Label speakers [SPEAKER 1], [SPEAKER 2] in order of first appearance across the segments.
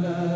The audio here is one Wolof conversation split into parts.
[SPEAKER 1] la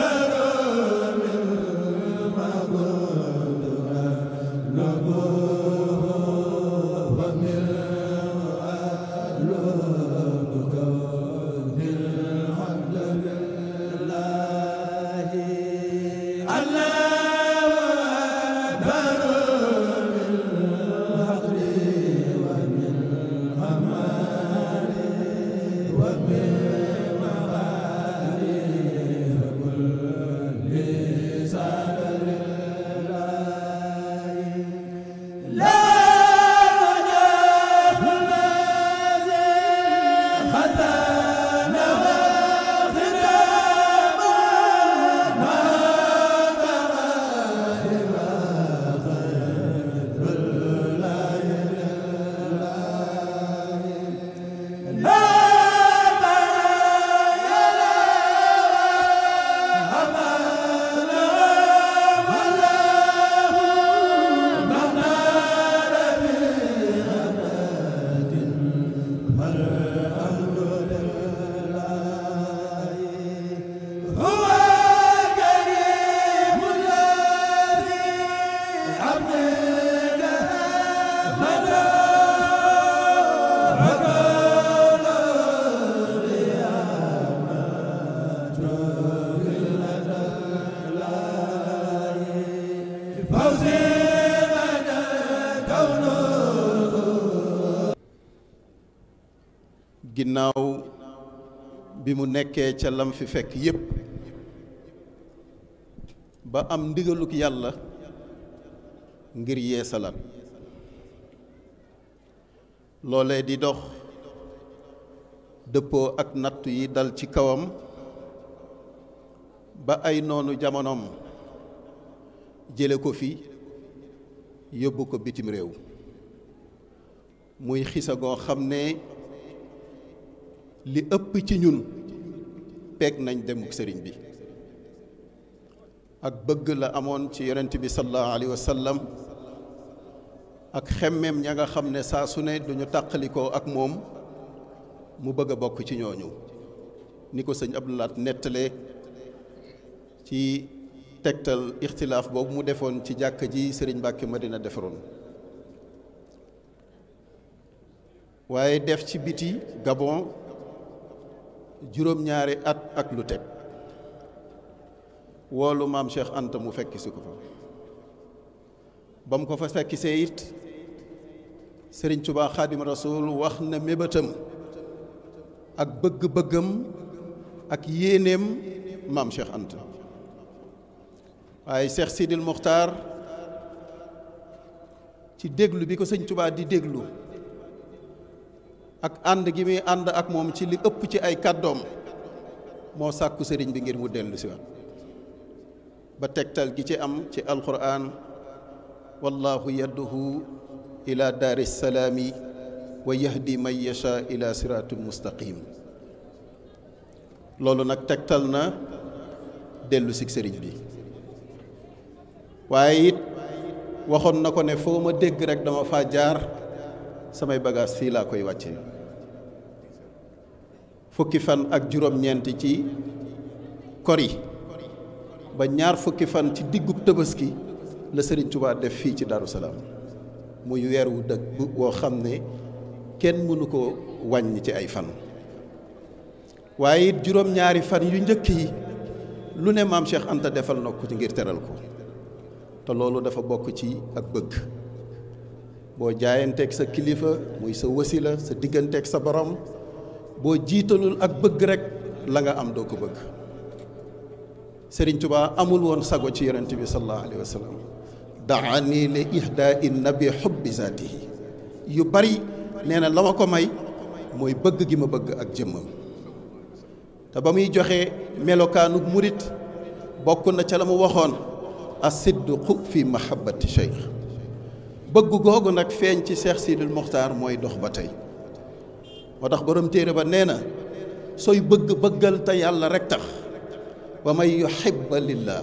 [SPEAKER 1] Akbar
[SPEAKER 2] bi mu nekkee ca lam fi fekk yépp ba am ndigaluk yàlla ngir yeesalaat loole di dox dëppoo ak nattu yi dal ci kawam ba ay noonu jamonoom jële ko fi yóbbu ko bitim réew muy xisa goo xam ne li ëpp ci ñun peeg nañ dem sëriñ bi ak bëgg la amoon ci yonent bi sallallahu alayhi ak xemmeem ña nga xam ne saa su ne duñu tàqalikoo ak moom mu bëgg a bokk ci ñooñu ni ko sëñ Abdou Lahat nettalee ci tegtal ixtilaaf boobu mu defoon ci jàkk ji sëriñ Mbàkke dina defaroon waaye def ci biti Gabon juróom-ñaari at ak lu teg woolu maam Cheikh Anta mu fekk si ko fa ba mu ko fa fekk see it Serigne Touba Khadim wax na mébétam ak bëgg-bëggam ak yéeneem maam Cheikh Anta waaye Cheikh Sidil Mokhtar ci déglu bi ko sëñ Touba di déglu. ak ànd gi muy ànd ak moom ci li ëpp ci ay kàddoom moo sàkku sëriñ bi ngir mu dellu si ba tegtal gi ci am ci alquran wallahu yadduhu ila daari salaami wa yahdi man yasha ila siraatin loolu nag tegtal na dellusi si sëriñ bi waaye it waxoon na ko ne foo ma dégg rek dama faa jaar samay bagage fii laa koy wàcce fukki fan ak juróom-ñeent ci kori ba ñaar fukki fan ci diggub tabaski la Serigne Touba def fii ci Darou Salaam muy weer wu dëkk woo xam ne kenn mënu ko wàññi ci ay fan waaye it juróom-ñaari fan yu njëkk yi lu ne maam Cheikh Anta defal na ko ci ngir teral ko te loolu dafa bokk ci ak bëgg boo jaayanteek sa kilifa muy sa wasila sa digganteek sa borom boo jiitalul ak bëgg rek la nga am doo ko bëgg Sëriñ Tuubaa amul woon sago ci yonent bi sallallahu alayhi wa sallam daani li in nabi xubbi zaatihi yu bari nee na la ma ko may mooy bëgg gi ma bëgg ak jëmmam te ba muy joxe melokaanu murit bokk na ca la mu waxoon asidqu fi mahabbati cheikh bëgg googu nag feeñ ci Seex Sidil Muxtaar mooy dox ba tey moo tax boroom téere ba nee na sooy bëgg bëggal te yàlla rek tax wa man yuhibba lillah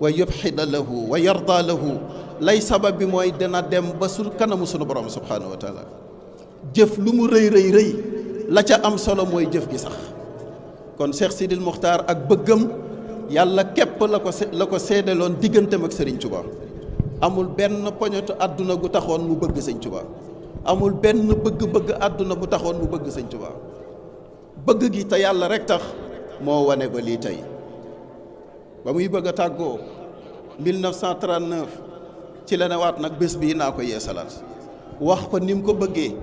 [SPEAKER 2] wa yubxida lahu wa yarda lahu lay sabab bi mooy dina dem ba su kanamu sunu borom subhaanahu wa taala jëf lu mu rëy rëy rëy la ca am solo mooy jëf gi sax kon Cheikh Sidil Muxtaar ak bëggam yàlla képp la ko la ko seddaloon digganteem ak sëriñ Touba. amul benn poñetu àdduna gu taxoon mu bëgg sëñ Tuubaa amul benn bëgg-bëgg àdduna bu taxoon mu bëgg sëñ Tuubaa bëgg gi te yàlla rek tax moo wane ba lii tey ba muy bëgg a tàggoo 1939 ci la nag bés bii naa ko yeesalaat wax ko ni mu ko bëggee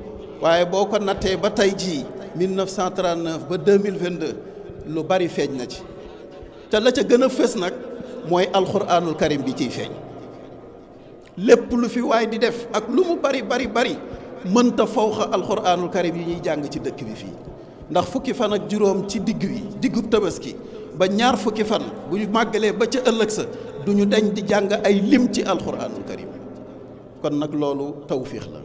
[SPEAKER 2] waaye boo ko nattee ba tey jii 1939 ba 2022 lu bari feeñ na ci te la ca gën a fës nag mooy alxuraanul karim bi ciy feeñ. lépp lu fi waaye di def ak lu mu bari bari bari mënta fawxa alxuraanul karim yi ñuy jàng ci dëkk bi fii ndax fukki fan ak juróom ci digg wi diggub tabaski ba ñaar fukki fan bu màggalee ba ca ëllëg sa du ñu dañ di jàng ay lim ci alxuraanul karim kon nag loolu tawfiix la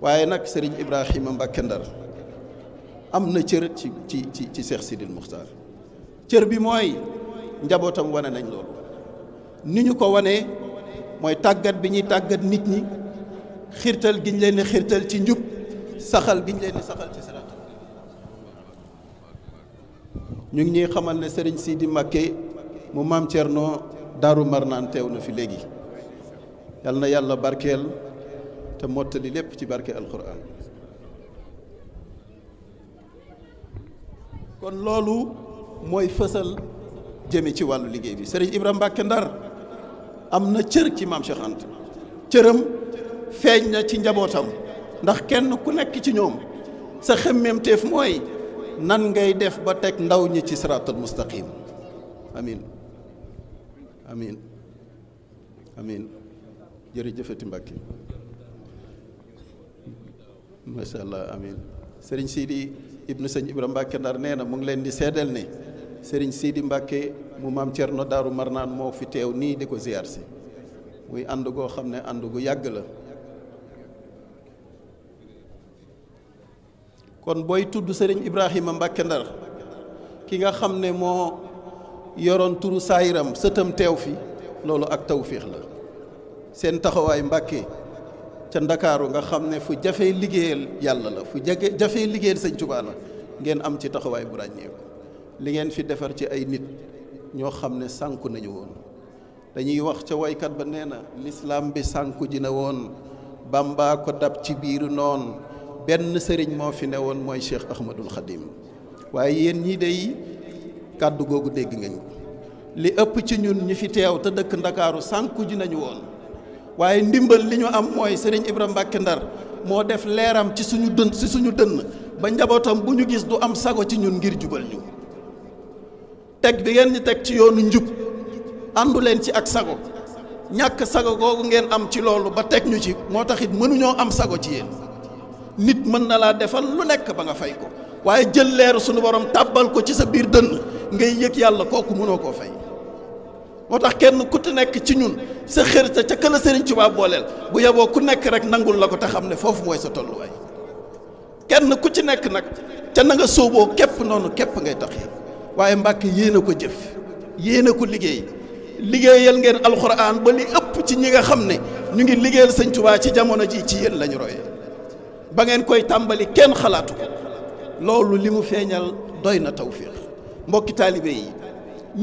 [SPEAKER 2] waaye nag sëriñ Ibrahima Mbàkke Ndar am na cër ci ci ci ci Seex Sidil Muxtaar cër bi mooy njabootam wane nañ loolu ni ñu ko wanee mooy tàggat bi ñuy tàggat nit ñi xirtal gi ñu leen di xirtal ci njub saxal gi ñu leen di saxal ci siraat ñu ngi ñuy xamal ne sëriñ Sidi Mbacké mu maam Thierno Daaru Marnaan teew na fi léegi yal na yàlla barkeel te mottali lépp ci barke alquran kon loolu mooy fësal jëme ci wàllu liggéey bi sëriñ Ibrahima Mbacké Ndar am na cër ci maam Cheikh Anta cëram feeñ na ci njabootam ndax kenn ku nekk ci ñoom sa xemmemteef mooy nan ngay def ba teg ndaw ñi ci siraatul mustaqim amin amin amin jërëjëfati Mbàkke macha allah amin sëriñ Sidi ibnu sëñ Ibra Mbàkke Ndar nee na mu ngi leen di seedeel ne sëriñ Sidi Mbacke mu maam Thierno Daaru Marnaan moo fi teew nii di ko ziar si muy ànd goo xam ne ànd gu yàgg la kon booy tudd sëriñ Ibrahima Mbacke Ndar ki nga xam ne moo yoroon turu saayiram sëtam teew fi loolu ak tawféex la seen taxawaay Mbacke ca ndakaaru nga xam ne fu jafe liggéeyal yàlla la fu jage jafee liggéeyal sëñ Tuubaa ngeen am ci taxawaay bu ràññeeku li ngeen fi defar ci ay nit ñoo xam ne sànku nañu woon dañuy wax ca woykat ba nee na lislaam bi sànku ji na woon bàmbaa ko dab ci biiru noon benn sëriñ moo fi ne woon mooy Cheikh Ahmadul Xadim waaye yéen ñii day kàddu googu dégg ngeen ko li ëpp ci ñun ñi fi teew te dëkk ndakaaru sànku ji nañu woon waaye ndimbal li ñu am mooy sëriñ Ibrahima Mbàkke Ndar moo def leeram ci suñu dën ci suñu dënn ba njabootam bu ñu gis du am sago ci ñun ngir jubal ñu teg bi ngeen ñu teg ci yoonu njub àndu leen ci ak sago ñàkk sago googu ngeen am ci loolu ba teg ñu ci moo tax it mënuñoo am sago ci yéen nit mën na laa defal lu nekk ba nga fay ko waaye jël leeru sunu borom tàbbal ko ci sa biir dënn ngay yëg yàlla kooku mënoo koo fay moo tax kenn ku ci nekk ci ñun sa xër ca ca këla Sëriñ booleel bu yeboo ku nekk rek nangul la ko te xam ne foofu mooy sa tolluwaay kenn ku ci nekk nag ca na nga sóoboo képp noonu képp ngay tax waaye Mbàkke yéen ko jëf yéen a ko liggéey liggéeyal ngeen alxuraan ba li ëpp ci ñi nga xam ne ñu ngi liggéeyal sëñ Tuubaa ci jamono ji ci yéen lañu royee ba ngeen koy tàmbali kenn xalaatu ko loolu li mu feeñal doy na tawfiix mbokki taalibe yi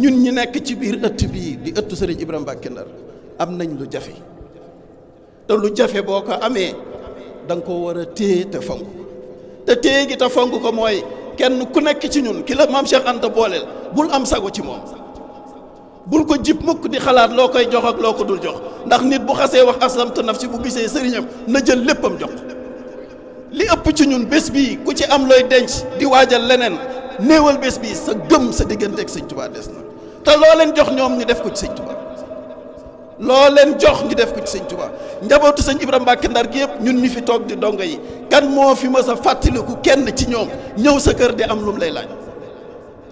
[SPEAKER 2] ñun ñi nekk ci biir ëtt bii di ëttu sëriñ Ibrahima Mbàkke Ndar am nañ lu jafe te lu jafe boo ko amee danga ko war a téye te fonk te téye te fonk ko mooy kenn ku nekk ci ñun ki la maam Cheikh Anta booleel bul am sago ci moom bul ko jib mukk di xalaat loo koy jox ak loo ko dul jox ndax nit bu xasee wax aslamtu nafsi bu gisee sëriñam na jël léppam jox li ëpp ci ñun bés bii ku ci am looy denc di waajal leneen néewal bés bii sa gëm sa diggante ak sëñ des na te loo leen jox ñoom ñu def ko ci sëñ loo leen jox ngi def ko ci sëñ Touba njabootu sëñ Ibrahima Mbacke Ndar gi yëpp ñun ñu fi toog di dongo yi kan moo fi mës a fàttaliku kenn ci ñoom ñëw sa kër di am lu mu lay laaj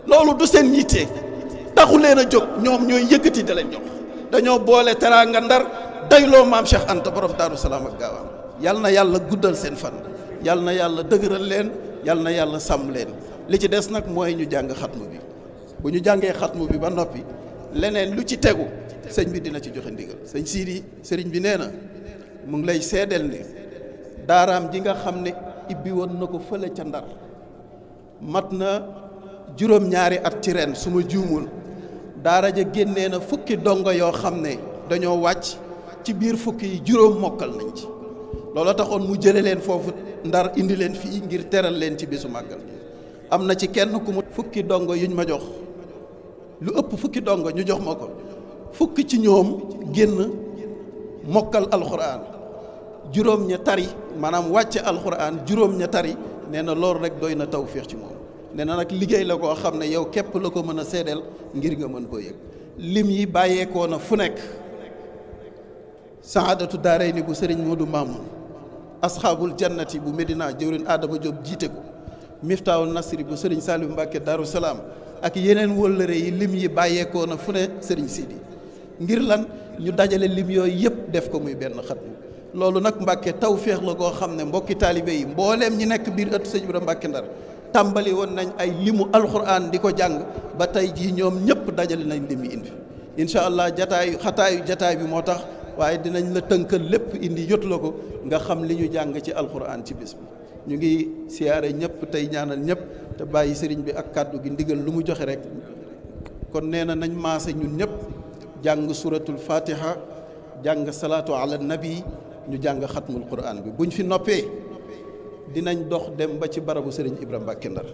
[SPEAKER 2] loolu du seen yitte taxu leen a jóg ñoom ñooy yëkkati di leen jox dañoo boole teraanga Ndar dayloo maam Cheikh Anta borom Daaru Salaam ak gaawam yal na yàlla guddal seen fan yal na yàlla dëgëral leen yal na yàlla sàmm leen li ci des nag mooy ñu jàng xatmu bi bu ñu jàngee xatmu bi ba noppi leneen lu ci tegu. sëñ bi dina ci joxe ndigal sëñ siidi sëriñ bi nee na mu ngi lay seedeel ni daaraam ji nga xam ne ibbi woon na ko fële ca ndar mat na juróom-ñaari at ci ren su ma juumul daara ja génnee na fukki dongo yoo xam ne dañoo wàcc ci biir fukki yi juróom mokkal nañ ci looloo taxoon mu jële leen foofu ndar indi leen fii ngir teral leen ci bisu màggal am na ci kenn ku mu fukki dongo yuñ ma jox lu ëpp fukki dongo ñu jox ma ko fukk ci ñoom génn mokkal alxuraan juróom ña tari maanaam wàcce alxuraan juróom ña tari nee na loolu rek doy na taw tawféex ci moom nee nag liggéey la koo xam ne yow képp la ko mën a seedeel ngir nga mën koo yëg lim yi bàyyeekoo na fu nekk saadatu daaray ni bu sëriñ Modou Mamoun asxaabul jannati bu Medina jëwrin Adama Diop jiite ko miftaawul nasri bu sëriñ Saliou mbàkke Darou Salaam ak yeneen wëllëre yi lim yi bàyyeekoo na fu ne sëriñ Sidi ngir lan ñu dajale lim yooyu yëpp def ko muy benn xatmu loolu nag Mbàkke taw féex la goo xam ne mbokki taalibe yi mbooleem ñi nekk biir ëtt sëñ bi Mbàkke Ndar tàmbali woon nañ ay limu alxuraan di ko jàng ba tey jii ñoom ñëpp dajale nañ lim yi indi incha allah jataayu xataayu jataay bi moo tax waaye dinañ la tënkal lépp indi jot la ko nga xam li ñu jàng ci alxuraan ci bis bi ñu ngi siyaare ñëpp tey ñaanal ñëpp te bàyyi sëriñ bi ak kàddu gi ndigal lu mu joxe rek kon nee na nañ maase ñun ñëpp jàng suuratul fatiha jàng salaatu ala nabi ñu jàng xatmul quran bi bu ñu fi noppee dinañ dox dem ba ci barabu sëriñ Ibra Mbàkke Ndar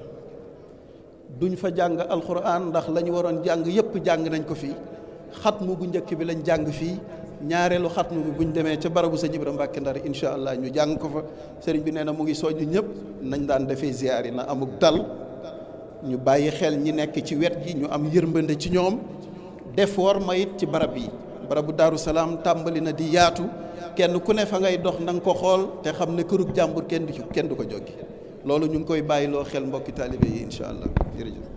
[SPEAKER 2] duñ fa jàng alquran ndax lañu waroon jàng yépp jàng nañ ko fii xatmu bu njëkk bi lañ jàng fii ñaareelu xatmu bi buñ demee ca barabu sëriñ Ibra Mbàkke Ndar incha allah ñu jàng ko fa sëriñ bi nee na mu ngi soññ ñëpp nañ daan defee ziyaar yi na amuk dal ñu bàyyi xel ñi nekk ci wet gi ñu am yërmande ci ñoom def war ma it ci barab yi barabu daaru salaam tàmbali na di yaatu kenn ku ne fa ngay dox na nga ko xool te xam ne kërug jàmbur kenn du kenn du ko joggi loolu ñu ngi koy bàyyiloo xel mbokki taalibe yi incha allah jërëjëf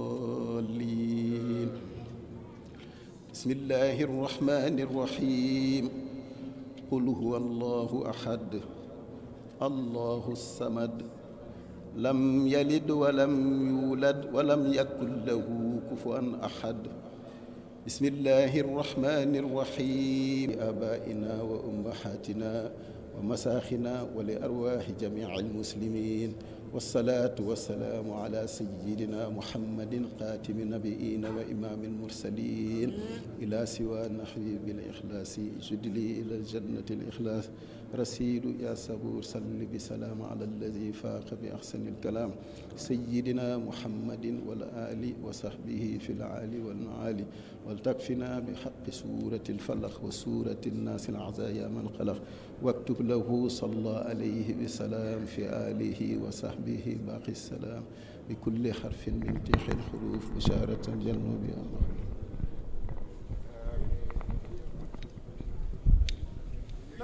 [SPEAKER 2] بسم الله الرحمن الرحيم قل هو الله أحد الله الصمد لم يلد ولم يولد ولم يكن له كفوا أحد بسم الله الرحمن الرحيم لآبائنا وأمهاتنا ومساخنا ولأرواح جميع المسلمين wasalaatu wasalaamu ala sayidina muhammadin xaatimi nabiina wa imaami almursalin ila siwa nahwi bil ixlaasi judli ila jannati al ixlaas rasidu ya sabuur salli bi salaam ala alladi faaqa bi axsani alkalaam sayidina muhammadin wal ali wa saxbihi fi laali walmaali waltakfina bi xaqi surati alfalaq wa surati annaasi alaza ya man xalaq waktub lahu salla alayhi bi salaam fi alihi wa saxbihi baaqi salaam bi kulli xarfin min tixi alxuruf bisharatan jalno bi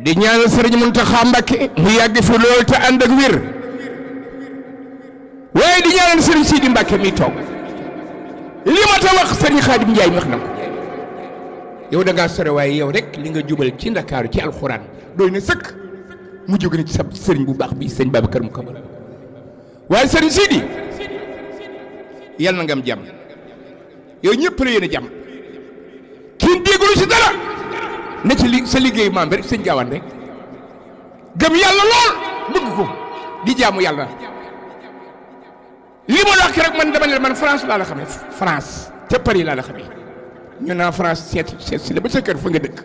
[SPEAKER 3] di ñaanal sëriñ Muntaxa Mbàkke mu yàgg fi loolu te ànd ak wér waaye di ñaanal sëriñ Sidi Mbàkke mi toog li ma ta wax sëriñ Xaadim Njaay mi wax na yow da sore waaye yow rek li nga jubal ci ndakaaru ci alxuraan doy na sëkk mu jóge na ci sab sëriñ bu baax bi sëriñ Babacar mu kamal waaye sëriñ Sidi yal na nga jàmm yow ñëpp la jàmm kiin déggulu ci dara na li sa liggéey maam bi rek sëñ gaawaan rek gëm yàlla lool bëgg ko di jaamu yàlla li ma la wax rek man dama ne man France laa la xamee France te Paris laa la xamee ñu naa France seet seet si la ba sa kër fa nga dëkk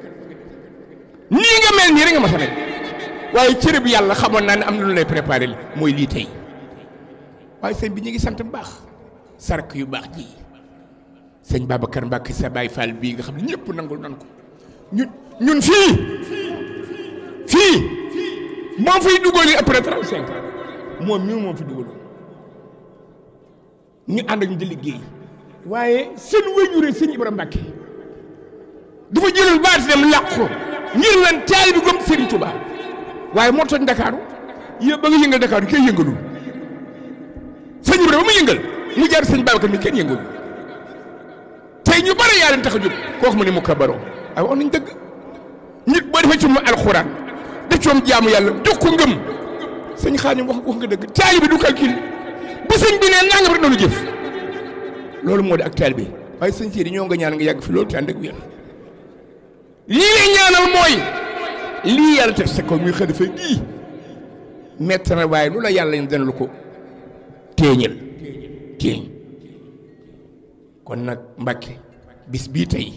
[SPEAKER 3] nii nga mel nii rek nga ma waaye cër bi yàlla xamoon naa ne am na lu lay préparé li mooy lii tey waaye sëñ bi ñu ngi sant bu baax sark yu baax ji sëñ Babacar Mbacke sa Baye Fall bii nga xam ne ñëpp nangul nan ko ñun fii fii moom fiy dugal yi après trente cinq moom mi moom fi dugaloon ñu ànd ak ñu di liggéey waaye seen wéyure sëñ Ibrahima Mbacke dafa jëlal baat dem làq ko ngir lan taay bi gëm Serigne Touba waaye moo toj Ndakaaru yë ba nga yëngal Ndakaaru kenn yëngalul sëñ Ibrahima ba mu yëngal mu jaar sëñ Babacar mi kenn yëngalul tey ñu bare yaa leen tax a jóg kooku mu ne mu kabaroo ay wax nañ dëgg. nit boo defee ci moom alxuraan def ci jaamu yàlla jox ko ngëm sëñ Xaadim wax wax nga dëgg taalibe du calcul bu sëñ bi nee nangam rek noonu jëf loolu moo de ak taalibe waaye sëñ Sidi ñoo nga ñaan nga yàgg fi loolu te ànd ak wér lii lay ñaanal mooy lii yàlla teg sa kaw muy xalifa gii metti na waaye lu la yàlla ñu lu ko téeñal téeñ kon nag Mbàkke bis bii tey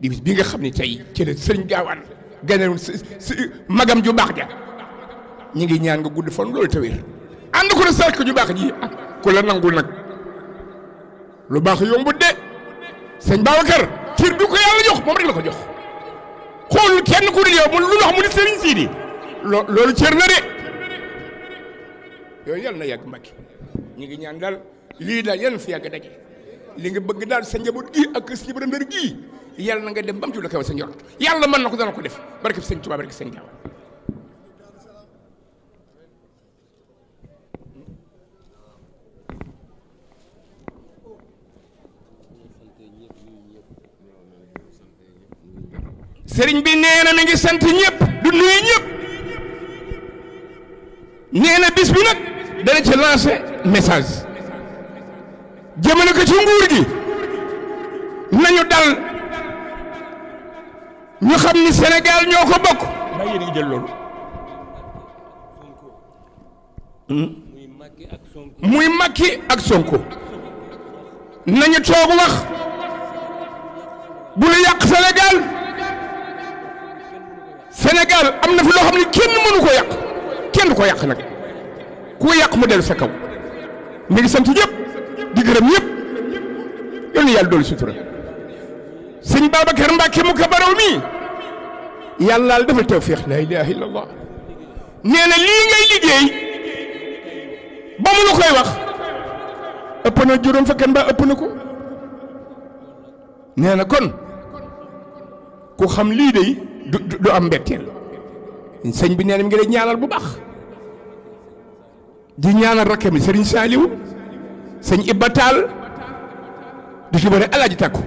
[SPEAKER 3] di bii nga xam ne tey ci la sëriñ gaawaan ganewoon si magam ju baax ja ñu ngi ñaan nga gudd fan loolu tawér ànd ko na sark ju baax ji ak ku la nangul nag lu baax yombut de sëñ Babacar cër du ko yàlla jox moom rek la ko jox xoolul kenn ku dul yow mu lu wax mu sëriñ siidi loo loolu cër la de yooyu yàlla na yàgg Mbàkke ñu ngi ñaan daal lii daal yàlla fi yàgg daje li nga bëgg daal sa njaboot gi ak si borom dër gii yàlla na nga dem ba mu ci lu kaw sa njort yàlla mën na ko dana ko def barke sëñ Tuubaa bi nee mi ngi sant ñëpp du nuyu ñëpp nee na bis bi nag dana ci lancer message jëmale ko ci nguur gi nañu dal. ñu xam ni Sénégal ñoo ko bokk. ndax yéen a ngi jël loolu. muy Macky ak Sonko. nañu toog wax. bu yàq Sénégal. Sénégal am na fi loo xam ne kenn mënu ko yàq. kenn ko yàq nag. ku yàq mu dellu sa kaw. mi ngi sant ñëpp. di gërëm ñëpp. yal sutura. sëñ Babacar Mbacke mu kabaraw yàlla dafa tawféex la ilaha illallah nee na lii ngay liggéey ba mu la koy wax ëpp na juróom fukki mbaa ëpp na ko nee na kon ku xam lii de du du am mbetteel sëñ bi nee na mi ngi lay ñaanal bu baax di ñaanal rakkam yi sëriñ Saaliw sëñ Ibba Taal du ci bëri alaaj takku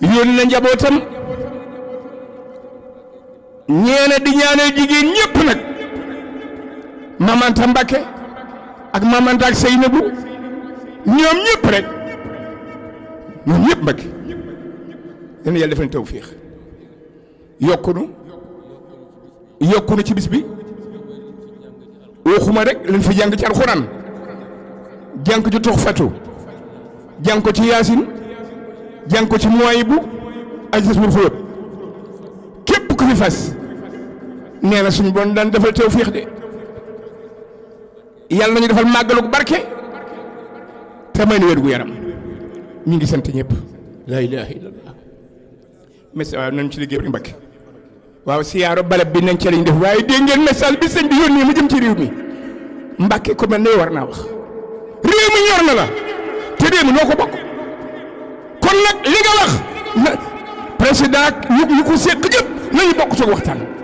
[SPEAKER 3] yónni na njabootam. ñeene di ñaanal jigéen ñëpp nag mamanta Mbakke ak mamanta ak Seynabu ñoom ñëpp rek ñoom ñëpp Mbakke yéen yàlla defal tawfiix yokkunu yokkunu ci bis bi waxuma rek lañ fi jàng ci alxuraan jàng ko ci tuxfatu jàng ko ci yaasin jàng ko ci muwayibu ak jasmul xulóob képp ku fi fas nee na suñu bon daan defal tawfiix de yàlla nañu defal màggalu barke te may nu wér gu yaram ñu ngi sant ñëpp. la ilaha illallah. mais waaw nañ ci liggéey bi Mbacke waaw siyaaro balab bi nañ ci lañ def waaye dégg ngeen message bi sëñ bi yónnee mu jëm ci réew mi mbakke ku mel ne war naa wax réew mi ñor na la te réew mi noo ko bokk kon nag li nga wax na président ñu ñu ko séq jëpp nañu bokk soog waxtaan.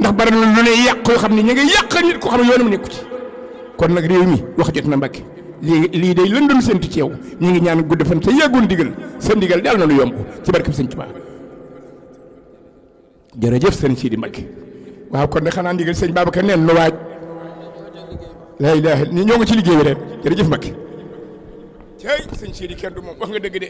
[SPEAKER 3] ndax bari na lu ne yàq yoo xam ne ñu ngi yàq nit ko xam ne yoonam nekku ci kon nag réew mi wax jot na Mbàkke lii lii dey lëndëm séntu ci yow ñu ngi ñaan gudd fan te yàggoon digal seen digal daal na lu yomb ci barkeb Sëñ Tuubaa jërëjëf sëñ Sidi Mbàkke waaw kon nag xanaa ndigal sëñ Babacar neen nu waaj laa ilaaha ni ñoo ngi ci liggéey bi rek jëf Mbàkke tey sëñ Sidi kenn du moom wax nga dëgg de